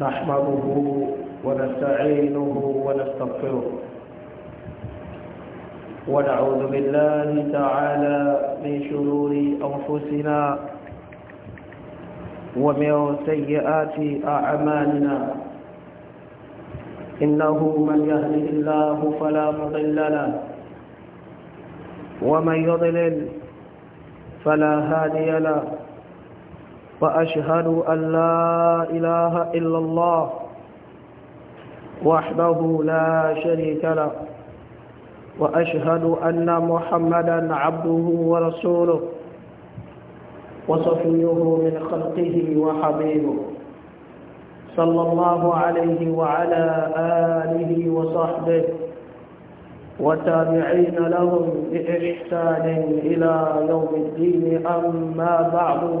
نحمده ونستعينه ونستغفره ونعوذ بالله تعالى من شرور أنفسنا ومن سيئات أعمالنا إنه من يهده الله فلا مضل له ومن يضلل فلا هادي له وأشهد أن لا إله إلا الله وحده لا شريك له وأشهد أن محمدا عبده ورسوله وصفيه من خلقه وحبيبه صلى الله عليه وعلى آله وصحبه وتابعين لهم بإحسان إلى يوم الدين أما بعد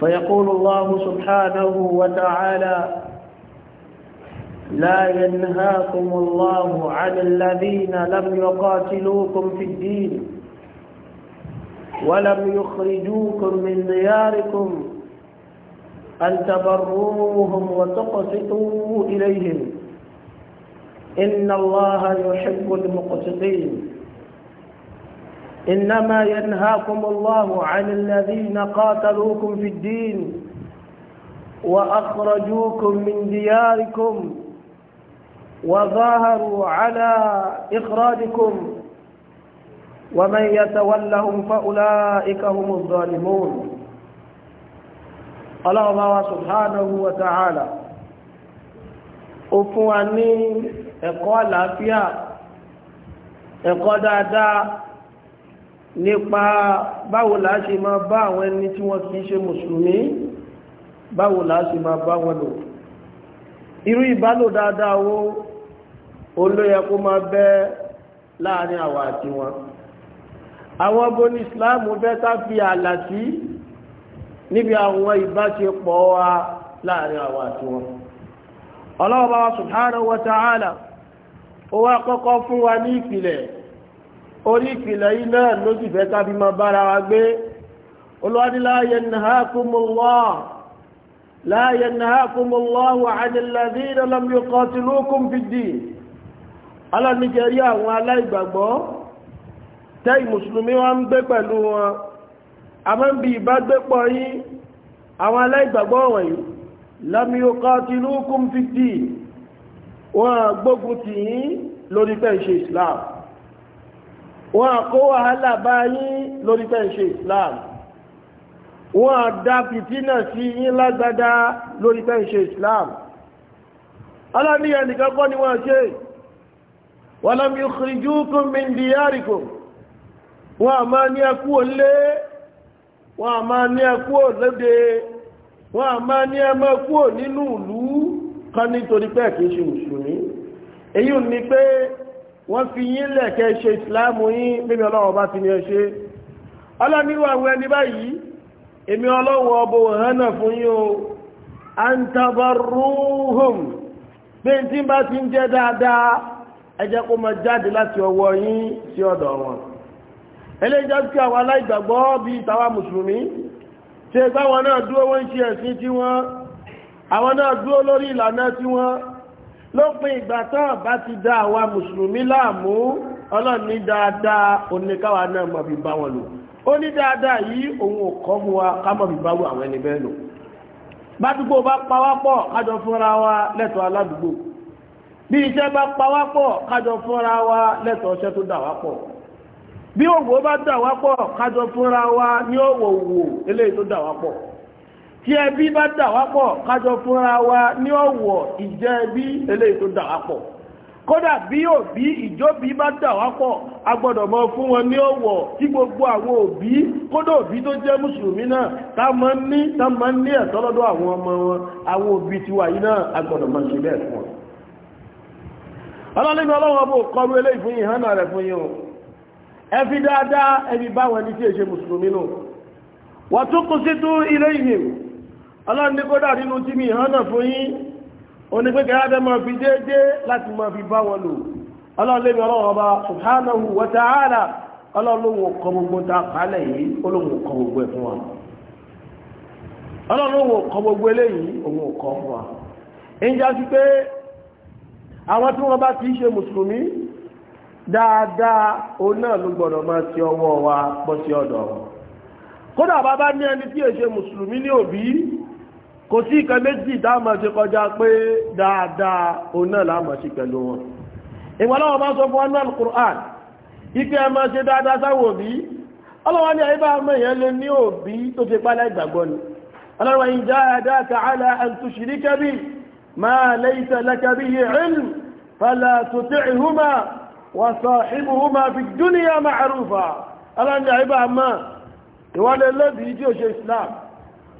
فيقول الله سبحانه وتعالى لا ينهاكم الله عن الذين لم يقاتلوكم في الدين ولم يخرجوكم من دياركم أن تبروهم وتقسطوا إليهم إن الله يحب المقسطين إنما ينهاكم الله عن الذين قاتلوكم في الدين وأخرجوكم من دياركم وظاهروا على إخراجكم ومن يتولهم فأولئك هم الظالمون قال الله سبحانه وتعالى أفواني ẹ̀kọ́ àlàáfíà ẹ̀kọ́ dáadáa nípa báwo la ma máa bá àwọn ẹni tí wọ́n kìí ṣe mùsùlùmí báwo la ṣe máa bá wọn lò irú ìbálò dáadáa wo olóyẹ kó máa bẹ́ láàrin àwa àti wọn àwọn bóní ìsìláàmù fẹ́ fi ààlà sí níbi àwọn ìbáṣepọ̀ wa láàrin àwa àti wọn ọlọ́wọ́ bá wa subhanahu wa ta'ala ó wá kọ́kọ́ fún wa ní ìpìlẹ̀ orí ìpìlẹ̀ yìí náà ló sì fẹ́ ká fi máa bára wa gbé olùwádìlá yanhakumullah la yanhakumullahu anil ladhina lam yuqatilukum fid-din aláníkẹrí àwọn aláìgbàgbọ́ tẹ́ ìmùsùlùmí wa ń gbé pẹ̀lú wọn a máa ń bi ìbágbépọ̀ yín àwọn gbógun tì yín lórí pẹ́ ìṣe Islam wọ́n àkó wàhálà bá yín lórí pẹ́ǹṣe islam wọ́n àdá fìtínà sí yín lágbádá lórí pẹ́ǹṣe islam aláníyàn nìkan kọ́ ni wọ́n ṣe walam yukhrijukum min diyarikum wọ́n a máa ní ẹkú olé wọ́n a máa ní ẹkú olédè wọ́n a máa ní ẹmọ ẹkú nínú ìlú kan nítorí pé ṣe mùsùlùmí èyí ni pé wọ́n fi yín lẹ̀kẹ́ ṣe ìsìláàmù yín bíbi ọlọ́wọ́ bá ti ní ẹ ṣe ọlọ́nirú àwọn ẹni báyìí èmi ọlọ́wọ́ ọbọ̀ hànà fún yín o antabarruhum bí n tí bá ti ń jẹ́ dáadáa ẹ jẹ́ kó máa jáde láti ọwọ́ yín sí ọ̀dọ̀ wọn eléyìí jẹ́ kí àwọn aláìgbàgbọ́ bíi tàwa mùsùlùmí ṣe gbáwọn náà dúró wọ́n ń ṣe ẹ̀sìn tí àwọn náà dúró lórí ìlànà tí lópin ìgbà tó bá ti dá àwa mùsùlùmí láàmú ọlọ́run ní dáadáa oníkáwa náà mọ̀ fi bá wọn lò ó ní dáadáa yìí òun ò kọ́ mu wa ká mọ̀ fi bá wọn àwọn ẹni bẹ́ẹ̀ lò bádùgbò bá pawápọ̀ kájọ fúnra wa lẹ́tọ̀ọ́ aládùúgbò bí iṣẹ́ bá pawápọ̀ kájọ fúnra wa lẹ́tọ̀ọ́ iṣẹ́ tó dà wápọ̀ bí òwò bá dà wápọ̀ kájọ fúnra wa ní òwò eléyìí tó dà wápọ̀ tí ẹbí bá dà wá pọ̀ kájọ fúnra wa ní ọ̀wọ̀ ìjẹ́ ẹbí eléyìí tó dà wá pọ̀ kódà bí òbí ìjóbi bá dà wá pọ̀ a gbọ́dọ̀ mọ fún wọn ní ọ̀wọ̀ tí gbogbo àwọn òbí kódà òbí tó jẹ́ mùsùlùmí náà tá ní tá àwọn ọmọ wọn àwọn òbí náà a gbọ́dọ̀ mọ ṣe fún ọlọ́wọ́ kọrú fún dáadáa ọlọ́run ní kódà nínú tí mi hànà fún yín onígbẹ́kẹ́ adé máa fi déédé láti máa fi bá wọn lò ọlọ́run lé mi ọlọ́run ọba subhanahu wa ta'ala ọlọ́run ló wọ kọ gbogbo ta kálẹ̀ yìí ó ló wọ kọ gbogbo ẹ̀ fún wa ọlọ́run ló wọ kọ gbogbo eléyìí òun ò kọ fún wa ìjà sí pé àwọn tí wọ́n bá ní ẹni tí èṣe mùsùlùmí ní òbí kò sí ìkan méjì dáàmà sí kọjá pé dáadáa oná láàmà sí pẹ̀lú wọn ìwọ̀lọ́wọ́ bá sọ fún ọ́nà al-Qur'an ike ẹmọ ṣe dáadáa sáwọn òbí ọlọ́wọ́ ní àyíbá ọmọ èèyàn lè ní òbí tó ti pálá ìgbàgbọ́ ni ọlọ́wọ́ in jahadaka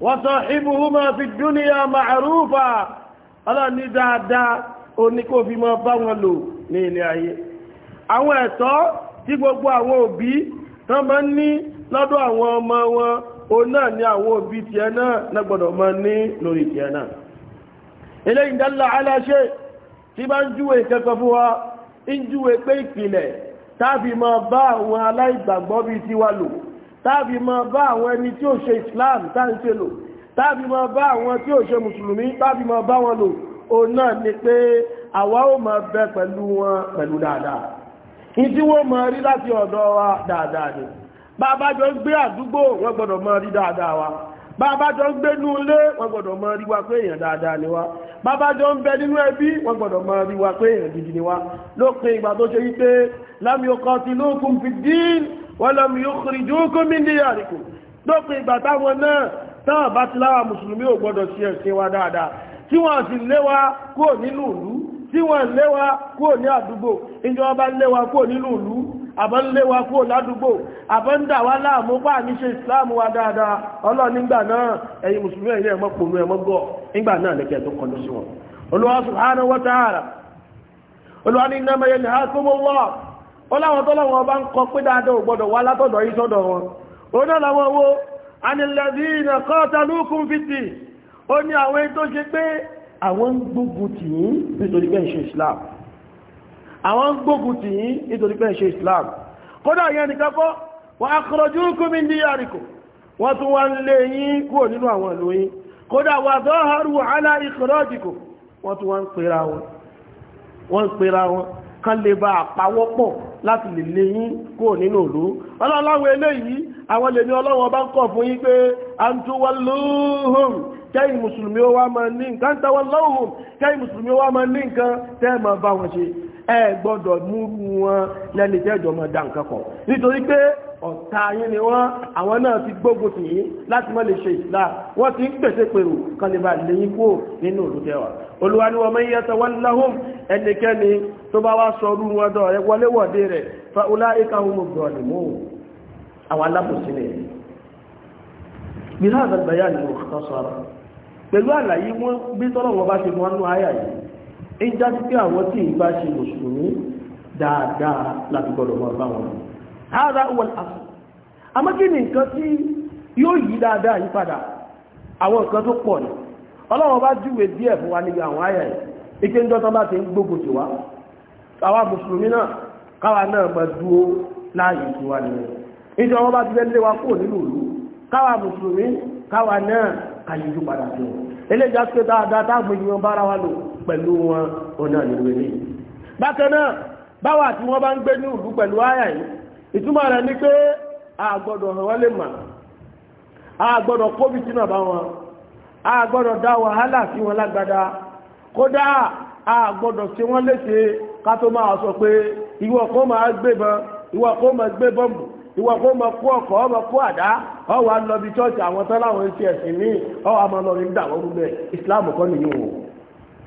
وصاحبهما في الدنيا معروفا ألا نداء دا oníkó fi máa bá wọn lò ní ilé ayé àwọn ẹ̀tọ́ tí gbogbo àwọn òbí tán máa ń ní lọ́dọ̀ àwọn ọmọ wọn o náà ni àwọn òbí tiẹ̀ náà lẹ́gbọ̀dọ̀ máa ní lórí tiẹ̀ náà ilé ìdálà aláṣẹ tí bá ń júwe kẹ́kọ̀ọ́ fún wa ń júwe pé ìpìlẹ̀ táàfi bá àwọn aláìgbàgbọ́ bíi tiwa lò táàbí máa bá àwọn ẹni tí ó ṣe islam táǹṣe lò táàbí máa bá àwọn tí ó ṣe mùsùlùmí táàbí máa bá wọn lò ó náà ni pé àwa ó máa bẹ pẹ̀lú wọn pẹ̀lú dáadáa ìdí wọ́n máa rí láti ọ̀dọ̀ wa dáadáa ni bàbá jọ gbé àdúgbò wọ́n gbọ́dọ̀ máa rí dáadáa wa bàbá jọ ń gbé nú ilé wọ́n gbọ́dọ̀ mọ̀ rí wa pé èèyàn dáadáa ni wá bàbá jọ ń bẹ nínú ẹbí wọ́n gbọ́dọ̀ mọ̀ rí wa pé èèyàn gidi ni wá lópin ìgbà tó ṣe wípé lam yuqatilukum fid-din wa lam yukhrijukum min diyarikum lópin ìgbà táwọn náà táwọn bá ti àbọ̀ ń lé wa kúrò ládùúgbò àbọ̀ ń dà wá láàmú bá ní ṣe ìsìláàmù wa dáadáa ọlọ́run nígbà náà ẹ̀yin mùsùlùmí ẹ̀yin ẹ̀mọ́ pònú ẹ̀mọ́ gọ̀ nígbà náà lẹ́kẹ̀ẹ́ tó kọlu sí wọn Olúwa subhanahu wa ta'ala Olúwa ní innama yanhakumullah ọláwọn tọ́lọ́wọ́n bá ń kọ pé dáadáa ò gbọ́dọ̀ wá látọ̀dọ̀ yìí sọ́dọ̀ wọn ó náà làwọn owó anìlẹ̀dínà qatalukum fìtì ó ní àwọn tó ṣe pé nítorí bẹ́ẹ̀ ṣe Islam àwọn gbógun tì yín nítorí pé ṣe islam kódà yẹn ni kọ́ wọ́n akhrajukum min diyarikum wọ́n tún wá ń lé yín kúrò nínú àwọn ìlú yín kódà wa zaharu ala ikhrajikum wọ́n tún wá ń wọn wọ́n ń wọn kan lè ba àpawọ́pọ̀ láti lè lé yín kúrò nínú ìlú ọlọ́láwọ̀ eléyìí àwọn lèmi ọlọ́wọ́ bá ń kọ̀ fún yín pé antuwalluhum kẹ́yìn mùsùlùmí ó wá máa ní nǹkan tawalluhum ẹ gbọ́dọ̀ múrú wọn lẹ́ni tẹ́jọ́ máa dá nǹkan kọ̀ nítorí pé ọ̀tá yín ni wọ́n àwọn náà ti gbógun tì yín láti má lè ṣe ìsìlá wọ́n ti ń pèsè pèrò kan lè bá lè yín kúrò nínú olùtẹ́wà olúwa ni wọ́n mọ́ iye tẹwọ́n láhùn ẹnikẹ́ni tó bá wá sọ ọdún wọn dọ̀ ẹ wọléwọ̀dé rẹ̀ fa ọlá ìka ohun ọgbọ̀n ni mò àwọn alábòsí ni bí hàn àgbàyà ni mo kọ́ sọ́ra pẹ̀lú àlàyé wọn bí tọ́lọ́wọ́ bá ṣe mọ́ nú yìí ń jáde pé àwọn tí ìbá ṣe mùsùlùmí dáadáa láti gbọdọ̀ mọ́ bá wọn ara wọn àfẹ́ àmọ́ kí ni nǹkan tí yóò yí dáadáa yí padà àwọn nǹkan tó pọ̀ ní ọlọ́wọ́ bá júwe díẹ̀ fún wa níbi àwọn àyà ike ń dọ́tọ́ bá ti ń gbógun tiwa àwa mùsùlùmí náà káwa náà mọ̀ dúó láàyè tiwa nìyẹn ìjọ wọn bá ti lé wa kúrò nínú ìlú káwa mùsùlùmí káwa náà kàyíjú padà sí wọn eléjà pé dáadáa táàmù ìyẹn bára wa lò pẹ̀lú wọn ọ̀nà nílùú ní bákan náà tí wọ́n bá ń gbé ní ìlú pẹ̀lú àyà yìí ìtumọ̀ rẹ̀ ni pé àgbọ̀dọ̀ hàn wọ́n lè mà àgbọ̀dọ̀ kóbi sínú àbá wọn àgbọ̀dọ̀ dá wàhálà sí wọn lágbádá kódà àgbọ̀dọ̀ ṣe wọ́n léṣe ká tó máa sọ pé ìwọ kó máa gbébọn ìwọ kó máa gbé bọ́ǹbù ìwọ kó máa kó ọkọ̀ ọmọ kó àdá ọwọ́ àlọ́bí chọ́ọ̀chì àwọn tán láwọn ń ṣe ẹ̀sìn ní ọwọ́ àmọ́ lọ́rin dà wọ́n gbogbo ìsìláàmù kọ́ nìyí wọn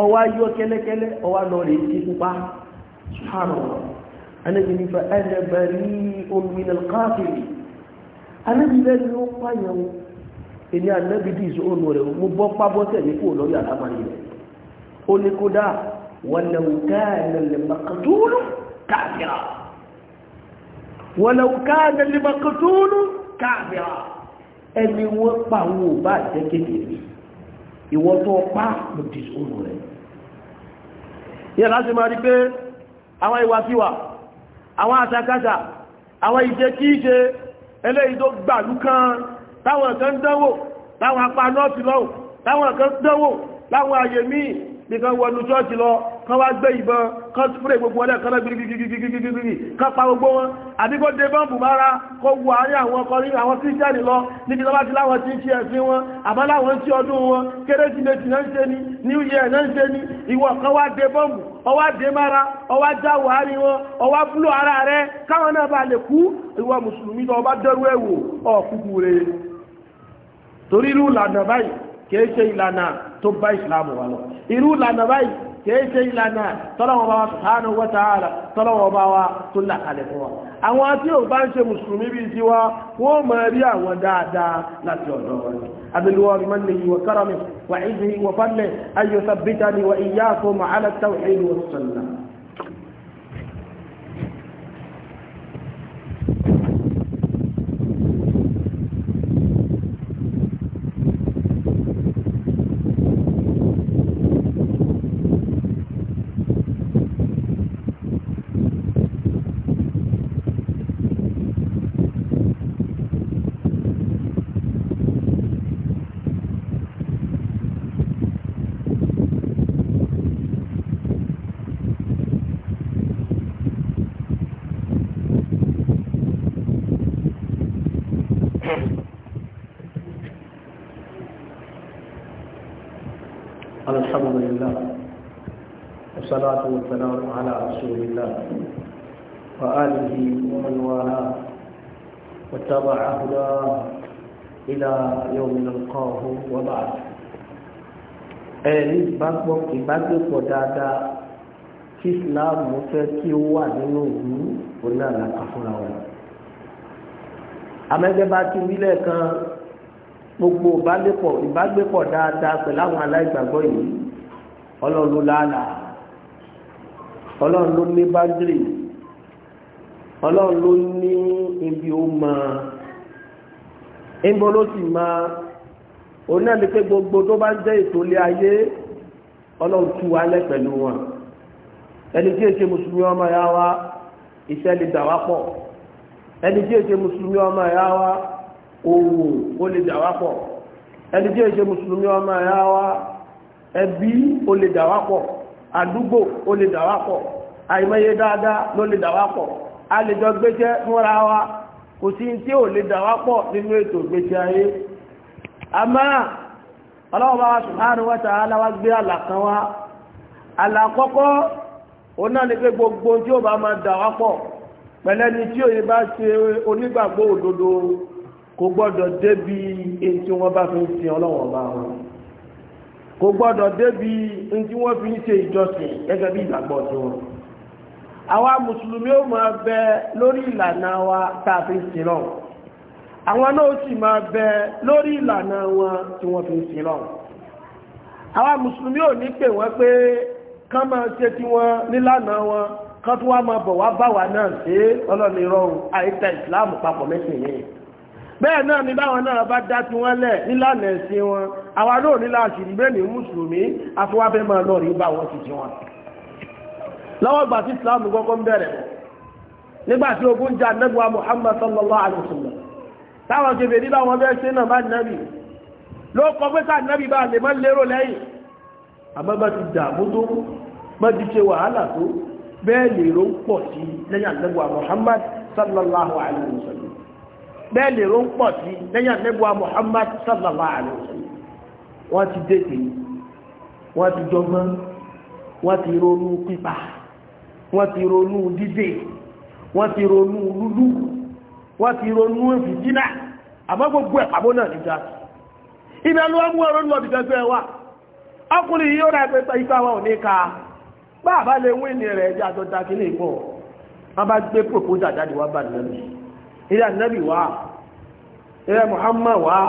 ọwá yọ kẹ́lẹ́kẹ́lẹ́ ọwá lọ rẹ̀ sí pupa ṣàrọ̀wọ̀ anábi nípa ẹ̀ẹ́dẹ̀bẹ̀ ní ominal káàkiri anábi lẹ́nu ó pààyàn èmi anábi dì ìṣó ònú rẹ̀ mo bọ́ pábọ́tẹ̀ ní kò lọ́rí àlámàrí rẹ̀ ó ẹni wọ́n pa àwọn jẹ́ kékeré ìwọ tó pa mo di òun rẹ̀ yẹn láti máa rí pé àwọn ìwàkiwà àwọn àṣàkáṣà àwọn ìṣẹ́ kí í ṣe eléyìí tó gbàlú kan táwọn kan dánwò láwọn apá nọ́ọ̀tì lọ́wọ́ láwọn kan dánwò láwọn àyèmí nìkan wọnú ṣọ́ọ̀ṣì lọ kan wá gbé ìbọn kan spray gbogbo ọlẹ́ kan náà gbìrìgbìrìgbìrìgbìrì kan pa gbogbo wọn àbí kó dé bọ́ǹbù mára kó wọ àárín àwọn ọkọ̀ rí àwọn kírísítẹ́nì lọ níbi lọ́wọ́ ti láwọn ti ń ṣe ẹ̀sìn wọn àbá láwọn ti ọdún wọn kérésìmesì náà ń ṣe ní new year náà ń ṣe ní ìwọ kan wá dé bọ́ǹbù ọwá dé mára ọwá já wàárí wọn ọwá búlò ara rẹ káwọn náà bá lè kú ìwọ mùsùlùmí tó bá dẹrú ẹ̀wò ọ̀kúkú rẹ̀ torí irú ìlànà báyìí kìí ṣe ìlànà tó bá ìsìlámù wà lọ irú ìlànà báyìí kìí ṣe ìlànà tọ́lọ́wọ́ bá wa subhanahu wa ta'ala tọ́lọ́wọ́ bá wa tó là kalẹ̀ fún wa àwọn tí ò bá ń ṣe mùsùlùmí bíi ti wa wọ́n mọ̀ rí àwọn dáadáa láti ọ̀dọ̀ wọn abẹ́lúwọ́ mọ́lẹ̀ yìí wa karamihi wa ìdí wa fadlihi ayọ̀ sabbitani wa iyyakum ala tawhid wa sunnah الله والصلاة والسلام على رسول الله وآله ومن والاه واتبع هداه إلى يوم نلقاه وبعد ẹ̀rí ìbágbọ́ ìbágbépọ̀ dáadáa tí ìsìláàmù fẹ́ kí ó wà nínú òwú òun náà làkà fúnra wọn. àmẹ́gbẹ́ bá ti wílẹ̀ kan gbogbo ìbágbépọ̀ dáadáa pẹ̀lú àwọn aláìgbàgbọ́ yìí ọlọ́run ló lálàá ọlọ́run ló ní bádìrì ọlọ́run ló ní ibi ó mọ ẹnbọ ló sì mọ òun náà ní pé gbogbo tó bá ń jẹ́ ìtòlé ayé ọlọ́run tú wa lẹ́ pẹ̀lú wọn ẹni tí èsè mùsùlùmí ọmọ ya wa iṣẹ́ lè dà wá pọ̀ ẹni tí èsè mùsùlùmí ọmọ ya wa òwò ó lè dà wá pọ̀ ẹni tí èsè mùsùlùmí ọmọ ya wa ẹbí ó lè dà wá pọ̀ àdúgbò ó lè dà wá pọ̀ àìmọye dáadáa ló lè dà a lè jọ gbéṣẹ́ fúnra wa kò sí tí ò lè dà wá pọ̀ nínú ètò ìgbésí ayé àmọ́ ọlọ́wọ́ bá wa subhanahu wa ta'ala wá gbé àlà kan wá àlà kọ́kọ́ òun náà ni pé gbogbo tí ó bá máa dà pẹ̀lẹ́ni tí òye bá ṣe onígbàgbọ́ òdodo kò gbọ́dọ̀ débi èyí tí wọ́n bá fi ń sin ọlọ́wọ́ bá wọn. kò gbọ́dọ̀ débi ntí wọ́n fi ń ṣe ìjọsìn gẹ́gẹ́ bí ìgbàgbọ́ àwa mùsùlùmí ó máa bẹ lórí ìlànà wa tá a fi ń sin lọ. àwọn náà sì máa bẹ lórí ìlànà wọn tí wọ́n fi ń sin lọ. àwa mùsùlùmí ò ní pè wọ́n pé kán máa ṣe tí wọ́n nílànà wọn kán tó bọ̀ wá bá wa náà ṣe àìtẹ́ ìsìláàmù papọ̀ mẹ́sìn bẹ́ẹ̀ náà ni báwọn náà bá dá tí wọ́n lẹ̀ nílànà ẹ̀sìn wọn àwa náà nílà àṣìrí bẹ́ẹ̀ ni mùsùlùmí afọwábẹ́ máa lọ rí bá wọn ti jí wọn lọ́wọ́ gbà tí islam kọ́kọ́ ń bẹ̀rẹ̀ nígbà tí ogun jà nẹ́gbà muhammad sallallahu alaihi wasallam táwọn kébè ní báwọn bẹ́ẹ̀ ṣe náà bá nẹ́bì ló kọ pé sáà nẹ́bì bá lè mọ́ lérò lẹ́yìn àmọ́ bá ti jà mú tó mọ́ ti ṣe wàhálà tó bẹ́ẹ̀ lè ró pọ̀ sí lẹ́yìn àtẹ́gbà muhammad sallallahu alaihi wasallam bẹ́ẹ̀ o ń pọ̀ sí lẹ́yìn àtẹ́gbọ́ Muhammad sallallahu alaihi wasallam wọ́n ti dètè wọ́n ti jọgbọ́n wọ́n ti ronú pípa wọ́n ti ronú wọ́n ti ronú lúlú wọ́n ti ronú àmọ́ gbogbo ẹ̀ pàbó náà níjà ibẹ̀ ló wa ọkùnrin yìí ó rà pé ipa ò ní ka bá lè wí ní rẹ̀ ilé ànábì wa, ilé Muhammad wa,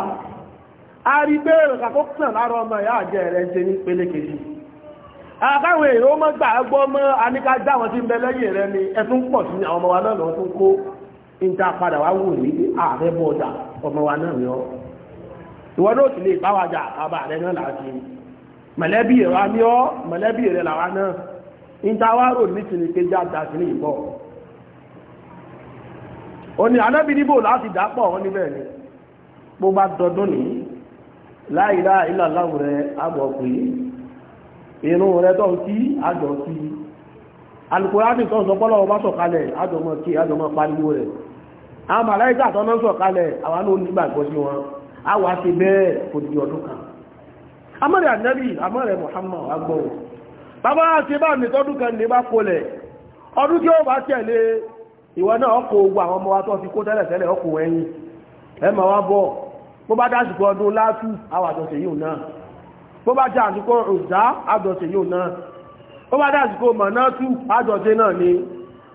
a rí bẹ́ẹ̀rẹ̀ kàkókùnà lára ọmọ ìyá àjẹ́ rẹ̀ ṣe ní pélékejì àkáwọn èrò mọ́ gbà gbọ́ mọ́ aníkájá wọn tí ń bẹ lẹ́yìn rẹ̀ ni ẹtún pọ̀ sí àwọn ọmọ wa náà lọ tún kó níta padà wá wò ní wa náà yọ ìwọ náà sì lè báwájà àbá rẹ náà láti mọ̀lẹ́bí rẹ̀ wá ní ọ́ mọ̀lẹ́bí rẹ̀ làwa náà níta wá rò ní tìǹkejì àdásílẹ̀ ó ní anábì níbò láti dápọ̀ wọn níbẹ̀ ni bó bá dọdún ní láìlá ìlàláwù rẹ àbọ̀ pé irun rẹ tó ń kí àjọ kí alukóyádì tó ń sọ pọ́lọ́wọ́ bá sọ̀kalẹ̀ àjọmọ̀ kí àjọmọ̀ pariwo rẹ̀ àwọn màláìkà tó ń sọ̀kalẹ̀ àwọn ló nígbàgbọ́ sí a àwọn àti bẹ́ẹ̀ kò di ọdún kan amọ́rẹ̀ ànábì amọ́rẹ̀ Muhammad Baba bàbá àti bá mi tọ́dún kan ní bá kọlẹ̀ ọdún tí ó bá tẹ̀lé ìwọ náà ọkọ̀ ogun àwọn ọmọ wa tó fi kó tẹ́lẹ̀tẹ́lẹ̀ ọkọ̀ ẹ̀yìn ẹ máa wá bọ̀ bó bá dásìkò ọdún látú àwọn àjọṣe náà bó bá jẹ́ àsìkò òzá àjọṣe náà bó bá dásìkò mọ̀nátú àjọṣe náà ni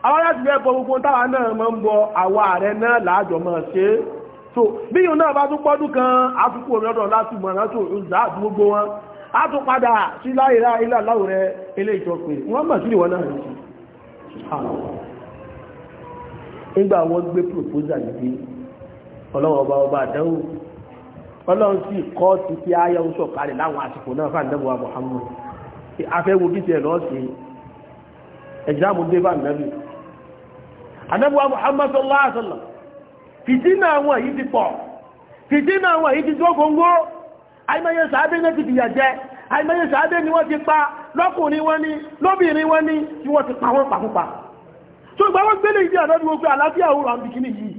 àwọn láti fẹ́ bọ gbogbo táwa náà máa ń bọ àwa ààrẹ náà láàjọ máa ṣe é so bí yìí náà bá tún pọ́dún kan àtúkù òmìnirọ́dọ̀ látú mọ̀nátú òzá àti gbogbo wọn á tún padà sí láìláìláìláwò rẹ ilé ìjọpin wọ́n mọ̀ sí ìwọ náà nígbà wọ́n gbé proposal yìí ọlọ́wọ́ ọba ọba àdánwò ọlọ́run sì kọ́ ti kí ayé oṣù ọ̀kadì láwọn àsìkò náà fún àdánwò Muhammad afẹ́wò bí tiẹ̀ lọ́ọ̀sì ẹ̀jáàmù dé bá nàbì àdánwò Muhammad sallallahu alaihi wasallam fìdínà àwọn èyí ti pọ̀ fìdínà àwọn èyí ti tó góńgó àìmọye sàábé náà ti fìyà jẹ àìmọye sàábé ni wọ́n ti pa lọ́kùnrin wọn ni lóbìnrin wọn ni tí wọ́n ti pa wọ́n pàkúpa. Pa tó gbà wọ́n gbélé ìdí àdọ́dù wọ́n pé àlàáfíà òòrùn àbìkíní yìí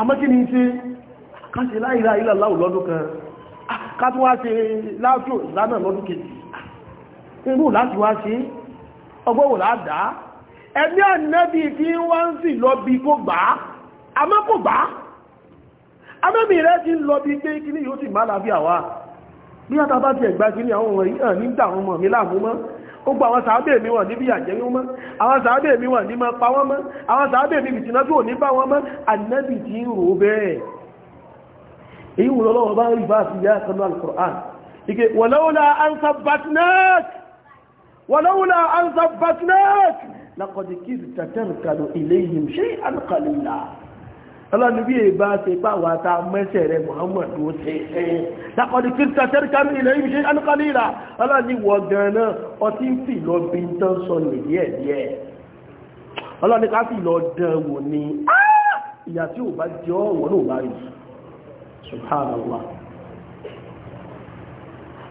àmọ́kíní ṣe káṣe láìra ìlàláwò lọ́dún kan ah, káàtí wá ṣe láàájò ìlànà lọ́dún kejì irú láti wá ṣe ọgbọ́wò láàdá ẹ̀mí ànẹ́bí tí wá ń sì lọ bí kó gbà á àmọ́ kò gbà á amẹ́bí rẹ̀ ti ń lọ bí pé kíní yóò sì má láàáfíà wá bí látàbá ti ẹ̀gbá kíní àwọn ọmọ yìí hàn ní ìdàwọn ọmọ mi láàmú mọ́ gbogbo àwọn sàábẹ̀ mi wọ̀n níbi àjẹ́ yóò mọ́ àwọn sàábẹ̀ mi wọ̀n ní máa pa wọ́n mọ́ àwọn sàábẹ̀ mi bìtìná tó ní bá wọ́n mọ́ ànábì tí ń rò bẹ́ẹ̀ èyí wùn lọ́wọ́ bá rí bá sí yá kanú al-Qur'an ike walaula an sabbatnak walaula an sabbatnak laqad kirta tarkanu ilayhim shay'an qalila ọlọ́ni bí èbá ṣe pà wà ta mẹ́sẹ̀ rẹ̀ muhammadu ṣe ṣe lákọ̀dí kírísítà tẹ́ríkà ní ilẹ̀ ibi ṣe alúkálí ìlà ọlọ́ni wọ gan-an ọtí ń fi lọ bí tán sọ nìyẹ́ díẹ̀ ọlọ́ni ká fi lọ dán wò ní ah! ìyà tí ò bá jẹ́ ọ̀wọ́ náà bá rí subhanallah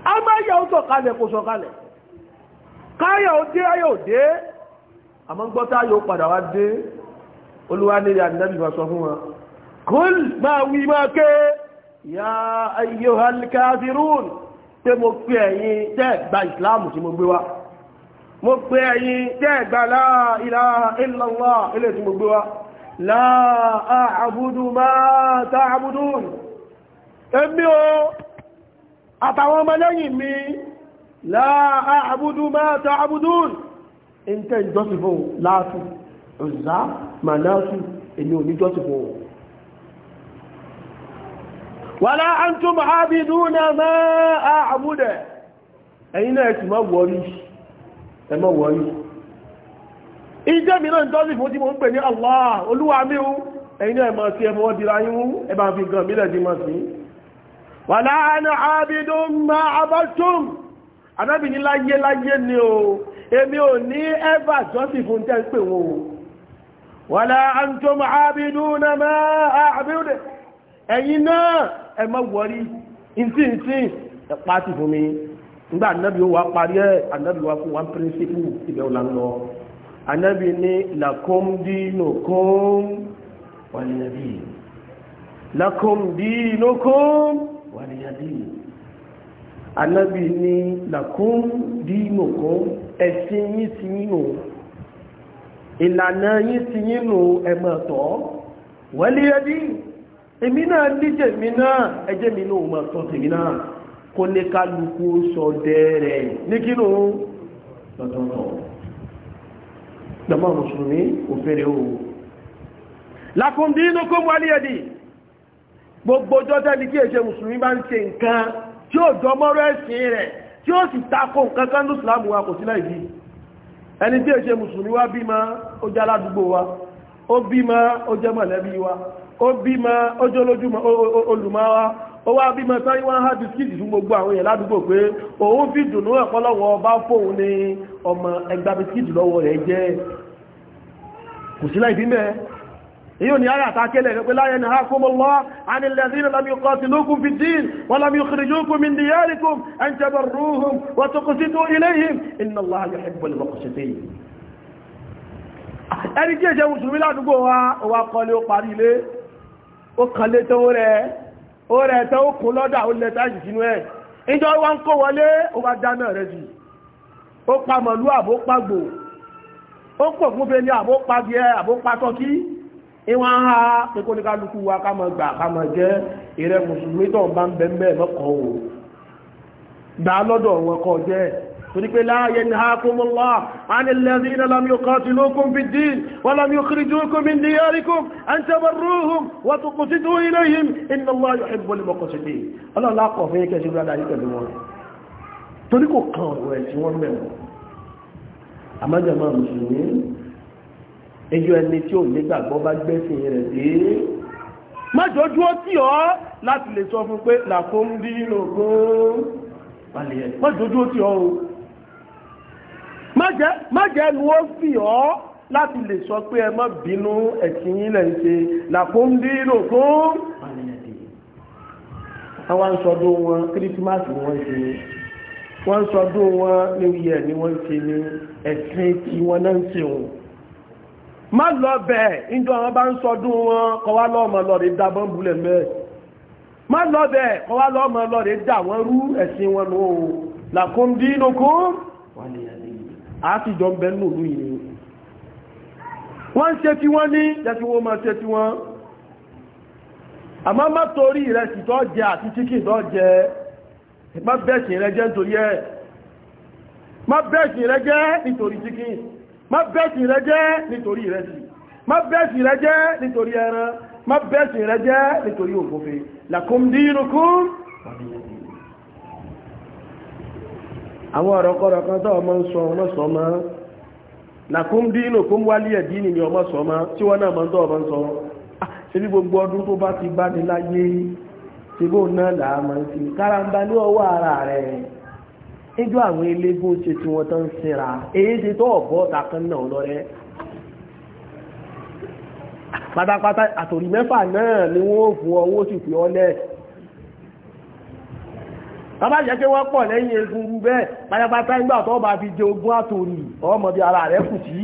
a máa yà ó sọ̀kalẹ̀ kò sọ̀kalẹ̀ káyà ó dé ayò dé àmọ́ gbọ́ta yóò padà wá dé olúwa nílẹ̀ àdínábì sọ fún wọn kúl máa wí máa ké ya ayyuhal kafirun pé mo pé ẹ̀yin tẹ́ẹ̀gbà ìsìláàmù tí mo gbé wá mo pé ẹ̀yin tẹ́ẹ̀gbà la ilaha illallah ilé tí mo gbé wá la a'budu ma ta'budun èmi o àtàwọn ọmọlẹ́yìn mi la a'budu ma ta'budun ìntẹ́ ìjọsìn fún láàtù ọ̀zá mànásù èmi ò ní jọ́sìn fún wàlá antum abiduna ma a'budu ẹ̀yin náà ti má wọ́rí ẹ má wọ́rí ìjẹ́ mi náà tọ́sí fún tí mo ń pè ní Allah olúwa mi ó ẹ̀yin náà ma ti ẹmọ dìra yíwú ẹ bá fi gan mílẹ̀ dímọ̀ sí wàlá ana abidun ma abatum anábì ní láyé láyé ni ẹ̀yin náà ẹ má wọrí ntíntí ẹ pàtì fún mi nígbà anabi wa parí ẹ anabi wa fún wa píríncípù ibẹ̀ wọn lọ anabi ní lakomdinokom wàlíyàbí lakomdinokom wàlíyàbí anabi ní lakomdinokom ẹ̀sìn yín ti yín nù ìlànà yín ti yín nù ẹ̀mọ̀tọ́ wàlíyàbí èmi náà díjẹ̀ mi náà ẹjẹ́ mi náà máa tọ́ tèmi náà kó ní kálukú sọdẹ rẹ̀ ní kí ló lọ́tọ̀ọ̀tọ̀ jọmọ́ mùsùlùmí kò fẹ́rẹ̀ o lákùndínú kó wálé ẹ̀dì gbogbo jọ́tẹ́ ní kí èṣe mùsùlùmí bá ń ṣe nǹkan tí ó jọmọ́rọ̀ ẹ̀sìn rẹ̀ tí ó sì takò nǹkan kan ní wa kò sí láì bí ẹni tí èṣe mùsùlùmí wá bímọ ó jẹ́ aládùúgbò wa ó bímọ ó jẹ́ mọ̀lẹ́bí wa ó bímọ ọjọ́ lójúmọ́ olùmọ́wá ó wá bímọ sáré wọ́n há bisikíìtì fún gbogbo àwọn èèyàn ládùúgbò pé òun fi dùnú ọ̀pọ̀lọ́wọ́ ọba fóun ní ọmọ ẹgbà bisikíìtì lọ́wọ́ rẹ̀ jẹ́ kò sí láì bímẹ́ èyí ni ayà àtàkẹ́lẹ̀ rẹ̀ pé láyé ni ha kúmù lọ anìlẹ̀dínà lámí ọkọ̀tílókún fi dín wọ́n lámí ọkọ̀tílókún mi ní yáríkún ẹn jẹbar rúhùn wọ́n tó kò sí tó iléyìn iná láyé ẹgbẹ̀lẹ̀ mọ́kànṣẹ́ ó kan lé tó rẹ̀ ó rẹ̀ tó ó kún lọ́dà ó lẹ́ta jì sínú ẹ̀ ìjọ wá ń kó wọlé ó bá dáná rẹ̀ jù ó pa mọ̀lú àbó pàgbò ó pò fún pé ní àbó pàbí ẹ àbó ìwọ̀n ha pé kó ní kálukú wa ká mọ̀ gbà ká mọ̀ jẹ́ ìrẹ́ mùsùlùmí tó ń bá ń bẹ́ẹ̀ mọ́kàn ò gbà lọ́dọ̀ wọn kọ jẹ́ torí pé la yanhakumullahu anil ladhina lam yuqatilukum fid din wa lam yukhrijukum min diyarikum an tabarruhum wa tuqsitu ilayhim inna Allaha yuhibbul muqsitin ọlọ́run lápọ̀ fún yíkẹ́ sí rádá yí pẹ̀lú wọn torí kò kan ọ̀rọ̀ ẹ̀ tí wọ́n mẹ́rin àmájàmá mùsùlùmí ẹjọ́ ẹni tí ò nígbàgbọ́ bá gbẹ́sìn rẹ̀ dé májọ́jú ó tí ọ́ láti lè sọ fún pé làkó ń dínú ogún májọ́jú ó tí ọ́ o májẹ́ nu ó fi ọ́ láti lè sọ pé ẹ má bínú ẹ̀sìn yín lẹ́ ń ṣe làkúndínlò fún àwọn ń sọdún wọn kírísímàsì wọn ṣe wọ́n ń sọdún wọn new year ni wọ́n ṣe ní ẹ̀sìn tí wọ́n náà ń ṣe wọn má lọ bẹ̀ ìjọ àwọn bá ń sọdún wọn kọwá lọ́ọ̀mọ lọ́ọ̀rẹ́ dábọ́n bulẹ̀ mẹ́ẹ̀ má lọ bẹ̀ kọwá lọ́ọ̀mọ lọ́ọ̀rẹ́ dà wọ́n rú ẹ̀sìn wọn lọ́wọ́ làkúndínlò fún wọ́n ní ẹ̀ àásìjọ ń bẹ lòlú yìí wọ́n ń ṣe tí wọ́n ní jẹ́kí wọ́n máa ṣe tí wọ́n àmọ́ má torí ìrẹsì tó jẹ àti chicken tó jẹ má bẹ́ẹ̀sì rẹ jẹ́ nítorí ẹ̀ má bẹ́ẹ̀sì rẹ jẹ́ nítorí chicken má bẹ́ẹ̀sì rẹ jẹ́ nítorí ìrẹsì má bẹ́ẹ̀sì rẹ jẹ́ nítorí ẹran má bẹ́ẹ̀sì rẹ jẹ́ nítorí òfófé làkúndínukú wàbíyàn àwọn ọ̀rọ̀kọ̀rọ̀ kan tó ọmọ ń sọ ọmọ sọ mọ́ làkún dínú kún wálé ẹ̀dí ni ọmọ sọ mọ́ tí wọ́n náà mọ́ ọmọ sọ ah, ṣe gbogbo ọdún tó bá ti bá ní láyé bó náà là á mọ́ sí káràmbá ní ara rẹ̀ àwọn ṣe tí wọ́n èyí ṣe tó ọ̀bọ́ takan náà pátápátá àtòrí mẹ́fà náà ni wọ́n fún ọwọ́ sì bàbá jẹ́ pé wọ́n pọ̀ lẹ́yìn egungun bẹ́ẹ̀ pátápátá nígbà tó bá fi jẹ ogún àtòrì ọmọ bí ara rẹ̀ kù sí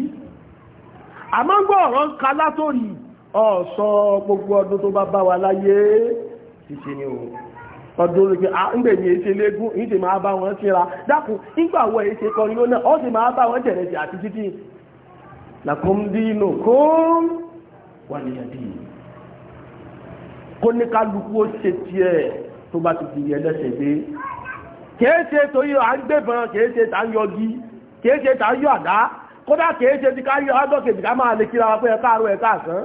àmọ́ ń gbọ́ ọ̀rọ̀ ń ka látòrì gbogbo ọdún tó bá bá wa láyé ṣíṣe ni o ọdún olùgbé àgbè ní máa bá wọn síra dákun nígbà wọ kan náà máa bá wọn jẹ̀rẹ̀ àti tó bá ti di ẹlẹ́sẹ̀ dé kéèṣe tó yíò à ń gbébọn kéèṣe tà ń yọgí kéèṣe tà ń yọ àdá kódà kéèṣe ti ká yọ ádọ́kè ti ká máa lè kíra wọn pé ẹ̀ka àrùn ẹ̀ka àsán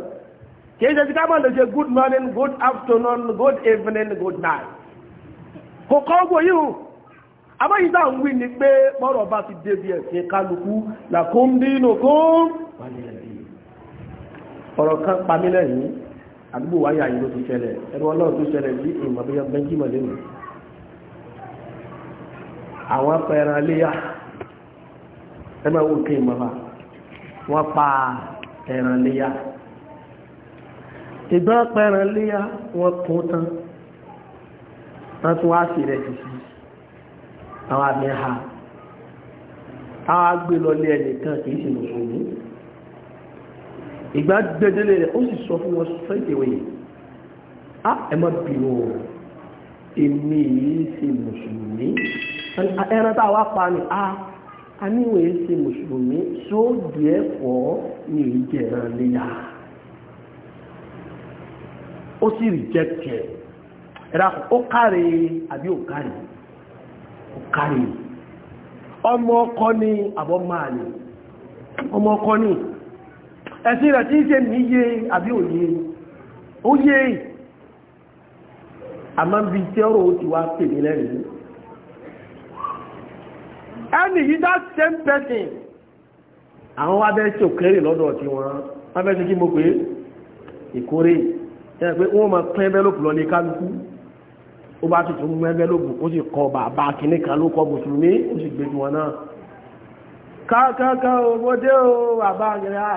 kéèṣe ti ká máa lè ṣe good morning good afternoon good evening good night kò kọ́ gbò yíò abáyídá ń wí ni pé pọ́rọ̀ bá ti débi ẹ̀sìn kálukú làkúndínú kún ọ̀rọ̀ kan pamílẹ̀ yìí àdúgbò wáyà yìí ló ti ṣẹlẹ̀ ẹ̀rọ ọlọ́run tó ṣẹlẹ̀ sí ìmọ̀bíyàn bẹ́ńkìmọ̀ lẹ́nu àwọn pẹran léyà ẹgbẹ́ owó kí ìmọ̀bá wọ́n pa ẹran léyà ìgbọ́n pẹran léyà wọ́n kún tán wọ́n tún wá sí rẹ̀ sí sí àwọn àmì ha àwọn agbélọ́lé ẹnìkan kìí sì mùsùlùmí ìgbà gbẹ́dẹ́lẹ̀ rẹ̀ ó sì sọ fún wọn straight away ah ẹ má bínú o èmi yìí ṣe mùsùlùmí ẹran tá a wá pa ni a a níwò yìí ṣe mùsùlùmí so therefore ní ìjẹran léyà ó sì reject ẹ̀ ẹ̀rà ó káre àbí ó káre ó káre ọmọ ọkọ ní àbọ̀ máa ní ọmọ ọkọ ní ẹ̀sìn rẹ̀ tí í ṣe mí yé àbí òye ó yé àmọ́ bí tí ọ̀rọ̀ ó wá pèmí lẹ́rìn ẹni yìí dá same person àwọn wá bẹ́ ṣe òkèrè lọ́dọ̀ tí wọ́n wá bẹ́ ṣe kí mo pé ìkórè ẹ̀ pé wọ́n máa pẹ́ bẹ́lòpù lọ ní kálukú ó bá tuntun mú ẹgbẹ́ lóògùn ó sì kọ bàbá kìnnìkan ló kọ mùsùlùmí ó sì gbé wọn náà kankan ọmọdé o bàbá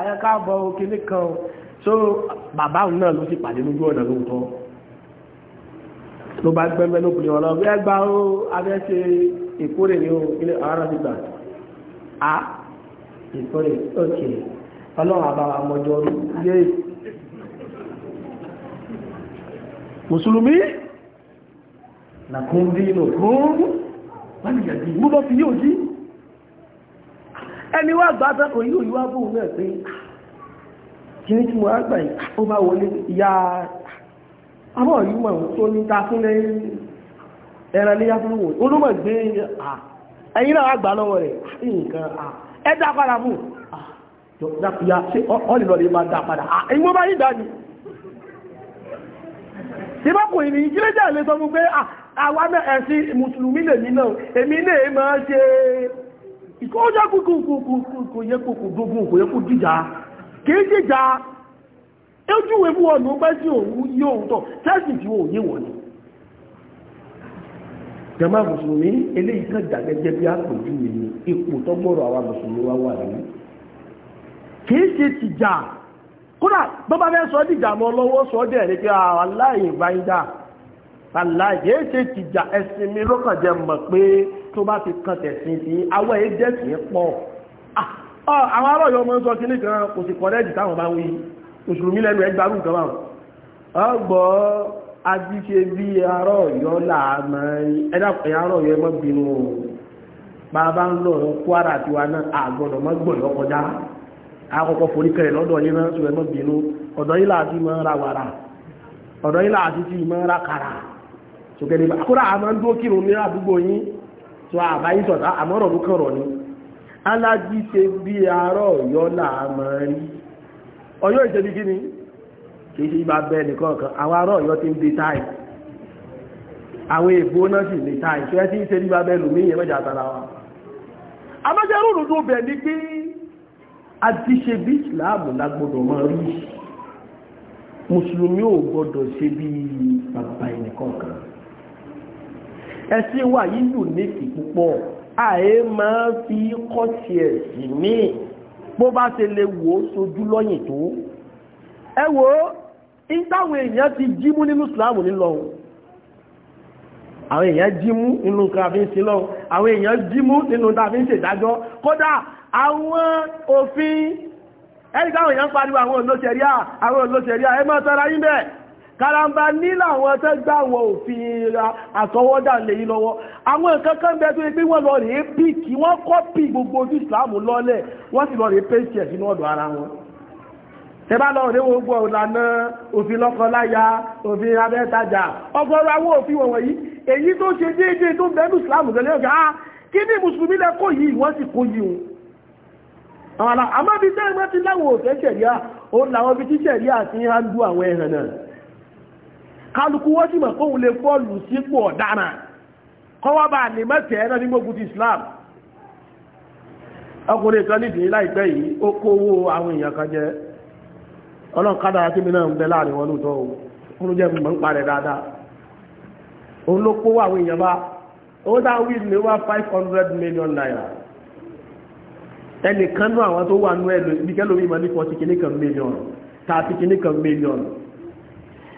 ẹ̀ka bọ̀ òkìní kan o so bàbá òun náà ló ti pàdé lójú ọ̀nà lóòótọ́ ló bá gbẹ́mẹ́ lóbìnrin ọlọ́gbẹ́ ẹgbà ó abẹ́ṣe ìkórè ní ilé ọ̀rọ̀ nígbà a ìkórè ok ọlọ́run àbáwà mọ́jọ́ yé mùsùlùmí nàkúndínù fún wọ́n ni yàtí mú lọ fi yóò jí ẹni wá gbà tẹ́kọ̀ọ́ yóò yíwá bóun náà pé kìí tí mo rágbà yìí ó bá wọlé ìyá àbọ̀ yìí mọ̀ tó ní ta fún lẹ́yìn ẹran léyà fún wọn olómọ̀ gbé ẹ̀yìn náà àgbà lọ́wọ́ rẹ̀ nǹkan ẹ dá padà mú ya ṣe ọlìlọ́lẹ̀ máa dá padà ẹ̀yìn mo bá yìí dá ni ìbákùnrin ní ìjílẹ̀jà lè sọ fún pé àwọn ẹ̀sìn mùsùlùmí lè ní náà èmi náà máa ṣe ìkọ́ ọjà kò yẹ kò gbogbo kìí jíjà ojú ìwé fún ọ̀nà ọgbẹ́ sí òun yí tẹ́sì tí ó yé wọ̀nyí jàmá mùsùlùmí eléyìí kan dàgẹ́gẹ́ bí àpòjú ipò tọ́gbọ́rọ̀ àwa mùsùlùmí wá wà tó bá ti kan tẹ̀sìn tí awọ́ ẹ̀ jẹ́ sí pọ̀ ah, àwọn aráyọ ọmọ sọ kí nìkan kò sì kọ́ lẹ́jì táwọn bá ń wí mùsùlùmí lẹ́nu ẹgbàrún kan báwọn ọgbọ́ ajíṣe bí aráyọ làmọ́ ẹ̀dàpẹ̀ aráyọ ẹmọ́ bínú bàbá ń lọ Kwara tiwa náà àgbọ̀dọ̀ mọ́ gbọ̀yọ́ kọjá àkọ́kọ́ forí kẹrẹ̀ lọ́dọ̀ yìí náà ṣùgbọ́n ẹmọ́ bínú ọ̀dọ̀ yìí láti mọ́ ra wàrà ọ̀dọ̀ yìí láti mọ́ ra kàrà ṣùgbọ́n tó àbáyé sọ̀tá àmọ́rọ̀ ló kọ̀rọ̀ ni alájí ṣe bí arọ́ ọ̀yọ́ làámọ́ rí ọ̀yọ́ ìṣẹ́bí kí ni kìí ṣe ibà bẹ́ẹ̀ nìkan kan àwọn arọ́ ọ̀yọ́ ti ń de táì àwọn èbó náà sì lè táì tó ẹ́ tí ń ṣe ibà bẹ́ẹ̀ lòmí ìyẹn mẹ́jà àtàrà wa amájẹ́rù ló tó bẹ̀ ní pé a ti ṣe bí ìsìláàmù lágbọ́dọ̀ máa rí mùsùlùmí ò gbọ́dọ̀ ṣe bí bàbá ẹnìkan kan ẹ̀sìn wa yìí lù níkì púpọ̀ àyè máa fi kọ́sì ẹ̀sìn míì bó bá ṣe lè wò ó sojú lọ́yìn tó ẹ wò ó ìtàwọn èèyàn ti jímú nínú Islam nílọ́hùn àwọn èèyàn jímú nínú kàfíń sí lọ́wọ́ àwọn èèyàn jímú nínú tàfíń sí ìdájọ́ kódà àwọn òfin ẹ̀ríkà àwọn èèyàn pariwo àwọn olóṣèríà àwọn olóṣèríà ẹ máa tọ́ra yín bẹ́ẹ̀ karamba nílà àwọn tó gbá àwọn òfin àtọwọ́dà lèyí lọ́wọ́ àwọn nǹkan kan bẹ tó yẹ pé wọ́n lọ rèé bí kí wọ́n kọ́pì gbogbo ojú ìsìláàmù lọ́lẹ̀ wọ́n sì lọ rèé pèsè sínú ọ̀dọ̀ ara wọn tẹ́bá lọ rèé gbogbo ọ̀lànà òfin lọ́kọláya òfin abẹ́tajà ọgọ́rọ̀ àwọn òfin wọ̀nyí èyí tó ṣe déédéé tó bẹ́nu ìsìláàmù gẹ́lẹ́ ọ̀gá kí ní làwọn fi tí ṣẹ̀ríà ti ń àwọn ẹ̀hàn náà kálukú wọ́n sì mọ̀ kóhun lè fọ́ọ̀lù sípò ọ̀daràn kọ́wọ́ bá lè mẹ́tẹ̀ẹ́ náà ní gbógun ti Islam ọkùnrin kan nídìí láìpẹ́ yìí ó kówó àwọn èèyàn kan jẹ ọlọ́run kádàrá tí mi náà ń bẹ láàrin wọn lóòótọ́ o jẹ́ mọ̀ ń parẹ́ dáadáa òun ló kówó àwọn èèyàn bá owó tá a wí wá five hundred million naira ẹnìkan nú àwọn tó wà nú ẹ̀ lóbi kẹ́lómi mọ̀ ní forty kìíní kan million thirty kìíní kan million.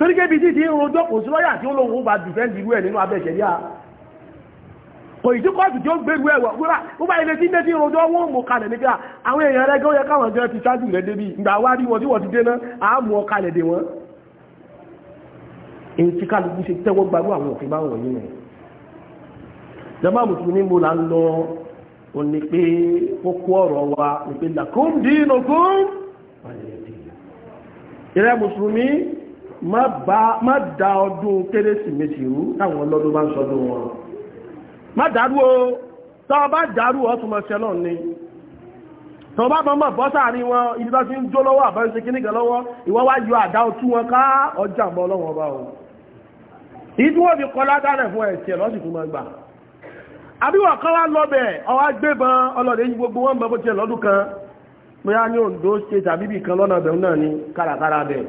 torí kébi tí ti ń rojọ́ kò sí lọ́yà tí ó lóun ó bá dùfẹ́ǹdì irú ẹ̀ nínú abẹ́ṣẹ̀lẹ́ à kò ìdí kọ́ọ̀tù tí ó gbèrú ẹ̀ wà ó bá ilé tí ń tí rojọ́ wọ́n mú kalẹ̀ níbi àwọn èèyàn rẹ̀ gẹ́gẹ́ káwọn jẹ́ ti ṣáájú rẹ̀ débi ìgbà wá rí wọn tí wọ́n ti dé náà àámú ọ kalẹ̀ dé wọn èyí tí kálukú ṣe tẹ́wọ́ gbarú àwọn òfin máa wọ̀nyí rẹ̀ jọba mùsùlùmí mo là ń lọ ò ní pé ó kó ọ̀rọ̀ wa ní pé làkúndínlógún ìrẹ́ mùsùlùmí má dá ọdún kérésìmesì rú táwọn ọlọ́dún bá ń sọdún wọn má dárú o tọ́ bá dárú ọtún mọ̀ ṣẹlọ́ ni tọ́ bá bọ́ mọ̀ bọ́ sáàrin wọn ibi bá ti ń jó lọ́wọ́ àbá ń ṣe kíníkà lọ́wọ́ ìwọ́n wá yọ àdá otú wọn ká ọjà mọ́ ọlọ́wọ́n bá wọn ìdí wọ́n fi kọ́ ládàrẹ̀ fún ẹ̀sẹ̀ lọ́sìn fún ọgbà àbíwọ̀ kan wá lọ́bẹ̀ ọwá gbébọn ọlọ́dẹ̀ yí gbogbo wọn mọ́ bó ti ẹ̀ lọ́dún kan bóyá ní Ondo state àbíbì kan lọ́nà bẹ̀rún náà ní kárakára bẹ̀rún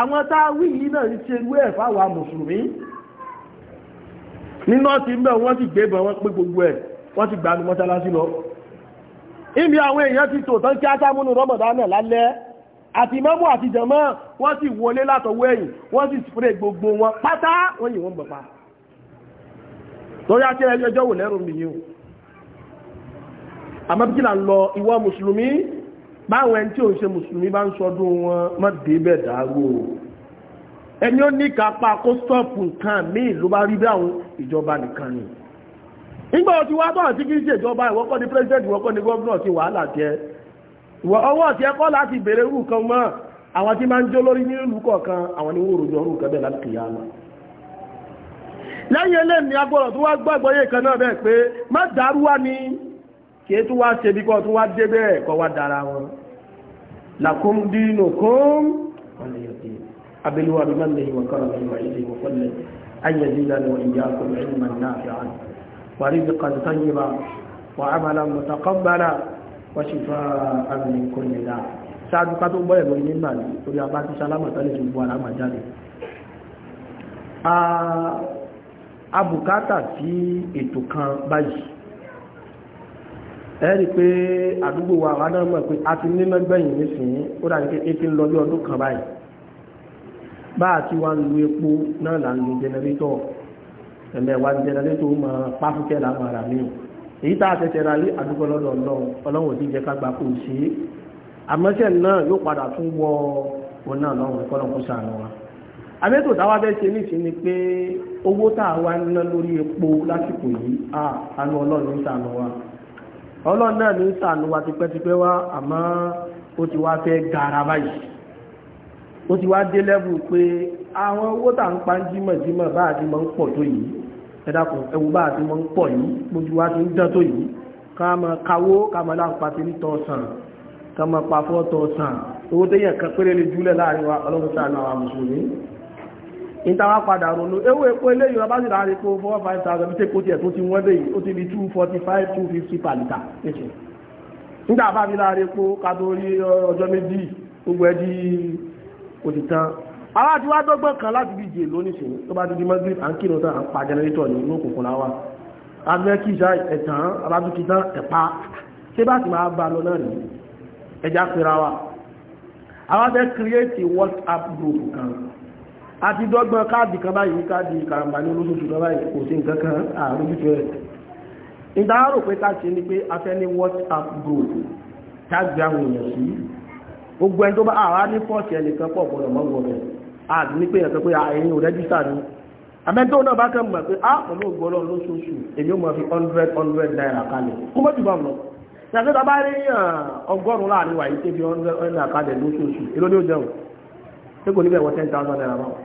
àwọn tá a wí yìí náà ní ṣerú ẹ̀ fáwọn mùsùlùmí nínú ọ̀sìn ń bẹ̀ wọ́n ti gbé bọ̀ wọ́n pé gbogbo ẹ̀ wọ́n ti gbà ní mọ́sálásí lọ ibi àwọn èèyàn ti tò tán kí átámúnú rọ́mọ̀dá náà lálẹ́ àti mọ́mú àti jẹ̀mọ́ wọ́n sì wọlé látọwọ́ ẹ̀yìn wọ́n sì spray gbogbo wọn pátá wọ́n yìí wọ́n gbọ̀pá torí àti ẹjọ́ wò lẹ́rù mi yìí o àmọ́ bí kí là ń lọ ìwọ mùsùlùmí báwọn ẹni tí ò ń ṣe mùsùlùmí bá ń sọdún wọn má dé bẹ̀ dàrú o ẹni ó ní kápá kó stọ́ọ̀pù nǹkan míì ló bá rí bí àwọn ìjọba nìkan ni nígbà tí wàá bọ̀ sí kí n ṣèjọba ìwọ́kọ́ ni pírẹsidẹ́ntì ìwọ́kọ́ ni ti wàhálà ìwọ ti láti irú kan mọ́ àwọn tí máa ń jó lórí nílùú àwọn ni kìí tó wá ṣe bí kọ́ tó wá débẹ̀ kọ́ wá dára wọn lakum dinukum waliyadin abẹ́lúwà bí mọ́lẹ̀ ìwọ̀ kọ́rọ̀ lẹ́yìn wà ilé ìwọ̀fọ́lẹ̀ ayyadina wa iyyakum ilman nafi'an wa rizqan tayyiban wa amalan mutaqabbalan wa shifaan min kulli ti ètò kan báyìí ẹ̀rí pé àdúgbò wa àwọn adámọ̀ pé a ti níná gbẹ̀yìn nísìnyí ó dà ní pé etí ń lọ bí ọdún kan báyìí bá a ti wá ń lu epo náà là ń lu jẹnẹrétọ̀ ẹ̀mẹ́ wa ní jẹnẹrétọ̀ mọ páfíkẹ́ là máa rà mí o èyí tá a tẹ̀tẹ̀ ra lé àdúgbò lọ́dọ̀ ọlọ́run ọlọ́run ò sì jẹ́ ká gba kò sí àmọ́ṣẹ́ náà yóò padà tún wọ òun náà lọ́run ìkọ́lọ́ kó sàánú wa àbẹ́tò táwa bẹ́ẹ̀ ṣe nìṣí ni pé owó tá a wá ń ná lórí epo lásìkò yìí àánú ọlọ́run ń sàánú wa ọlọ́run náà ní sànù wa tipẹ́tipẹ́ wá àmọ́ ó ti wá fẹ́ gara báyìí ó ti wá dé lẹ́bù pé àwọn owó tà ń pa ń jímọ̀ jímọ̀ bá àti mọ́ ń pọ̀ tó yìí ẹ dákun ẹwù bá àti mọ́ ń pọ̀ yìí gbójú wa ti ń dán tó yìí ká mọ kawó ká mọ láǹpa ti ní tọ̀sán ká mọ pa fọ́ tọ̀sán owó téèyàn kan péré lè júlẹ̀ láàrin wa ọlọ́run sànù àwọn mùsùlùmí ìtawà padà ronú ewé epo eléyìí ọba sì láàrin epo four five thousand tí kò tiẹ̀ tó ti wọ́n léyìí ó ti di two forty five two fifty per litre níṣẹ́ nígbà bá fi láàrin epo kátó rí ọjọ́ méjì gbogbo ẹ̀ di òdì tán àwọn àti wá dọ́gbọ́n kan láti bí ìjì èlò níṣẹ́ tó bá ti di mọ́gbìn à ń kírun tán à ń pa jẹnẹrétọ̀ ní inú òkùnkùn láwà abẹ́kí ìṣá ẹ̀tàn abájúkítán ẹ̀pá ṣé bá ti máa bá lọ náà nìyí ẹja pera wa àwọn abẹ́ create WhatsApp group kan àti dọ́gbọ́n káàdì kan báyìí káàdì karambà ní olóṣòṣù kan báyìí kò sí nǹkan kan àrójútó ẹ̀ ìdárò pé ká ṣe ni pé a fẹ́ ní whatsapp group tágbé àwọn èèyàn sí gbogbo ẹni tó bá àwa ní pọ́ọ̀sì ẹnìkan pọ̀ gbọ́dọ̀ mọ́ wọ̀ rẹ̀ àti ní pé ẹ̀sẹ̀ pé àyẹ̀yìn ò rẹ́jísà ni àmẹ́tò náà bá kẹ́ mọ̀ pé á ah, pẹ̀lú ògbọ́lọ́ lóṣooṣù èmi ò mọ̀ fi hundred hundred naira kalẹ̀ kó mọ́ jù bá lọ ṣàṣẹ́ tá a bá rí ọgọ́rùn-ún láàrin wàyí tó fi hundred naira kalẹ̀ lóṣooṣù èló ni ó jẹun ṣé kò ní bẹ̀ wọ ten thousand naira báwọn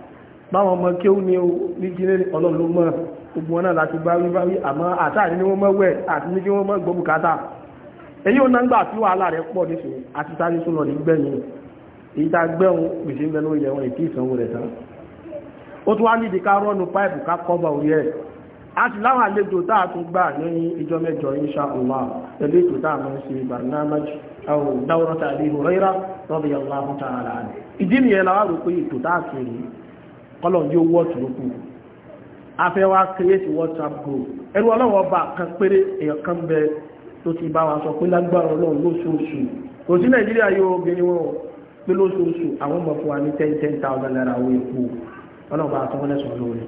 báwọn ọmọ kí ó ní o ní jílé ọlọ́run ló mọ̀ gbogbo wọn náà láti bá wí bá wí àmọ́ àtàrí ni wọ́n mọ̀ wẹ̀ àti ní kí wọ́n mọ̀ gbọ́ bùkátà èyí ò náà gbà tí wàhálà rẹ̀ pọ̀ nísìnyí àti sáré sún lọ nígbẹ̀yìn èyí tá gbẹ̀hún gbèsè ń bẹ lórí ẹ̀wọ̀n èkì ìsanwó rẹ̀ tán ó tún wá nídi ká rọ́nu páìpù ká kọ́bà orí ẹ̀ a ti láwọn àlejò tá a tún gbà ní ìjọ mẹ́jọ insha Allah pẹ̀lú ètò tá a máa ń ṣe barnamaj àwọn dáwọ́rọ́ta àdéhùn rẹ́rà radiyallahu ta'ala anhu ìdí nìyẹn làwọn àròpé ètò tá a kiri kọ́lọ̀ yóò wọ́ọ̀tù lókù afẹ́ wa create WhatsApp group ẹnu ọlọ́wọ́ bá kan péré èèyàn kan bẹ tó ti bá wa sọ pé lágbára ọlọ́run lóṣooṣù kò sí nàìjíríà yóò obìnrin wọn pé lóṣooṣù àwọn ọmọ fún wa ní ten ten thousand naira owó epo ọlọ́wọ́ bá a tún wọ́n lẹ́sọ̀ọ́ lórí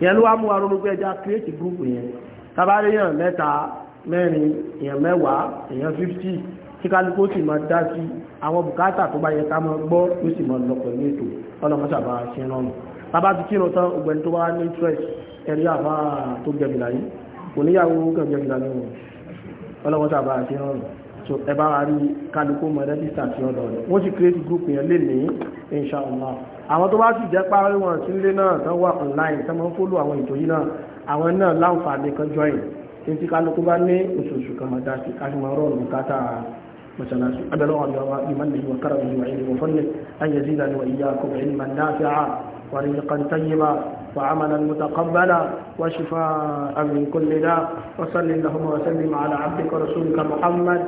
ìyẹn ló wá mú wa ronú pé ẹja create group yẹn tabarí èèyàn mẹ́ta mẹ́rin èèyàn mẹ́wàá èèyàn fifty kí kálukú sì máa dá sí àwọn bùkátà tó bá yẹ ká máa gbọ́ ló sì máa lọ pẹ̀lú ètò ọlọ́mọ sábà ṣe rọrùn bàbá ti kírun tán ògbẹ́ni tó bá ní interest ẹ̀rí àfá tó gẹ̀gìlà yìí kò níyàwó gẹ̀gìlà ní wọn ọlọ́wọ́ tàbá àti ọ̀rọ̀ so ẹ bá rí kálukú mọ̀ rẹ́gísítà tí ọ̀dọ̀ rẹ̀ wọ́n sì create group yẹn lè ní inshallah àwọn tó bá sì jẹ́ párí wọn sí ilé náà tán wà online tán máa ń fólò àwọn ètò yìí náà àwọn náà láǹfààní kan join ní tí kálukú bá ní oṣooṣù kan máa dá sí káṣímọ̀ rọ̀ọ̀nù kátà مثلا أبلغ بمنه وكرمه وعلمه أن يزيدني وإياكم علما نافعا ورزقا طيبا وعملا متقبلا وشفاء من كل داء وصل اللهم وسلم على عبدك ورسولك محمد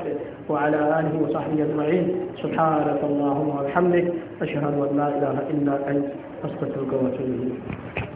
وعلى آله وصحبه أجمعين سبحانك اللهم وبحمدك أشهد أن لا إله إلا أنت أستغفرك وأتوب إليك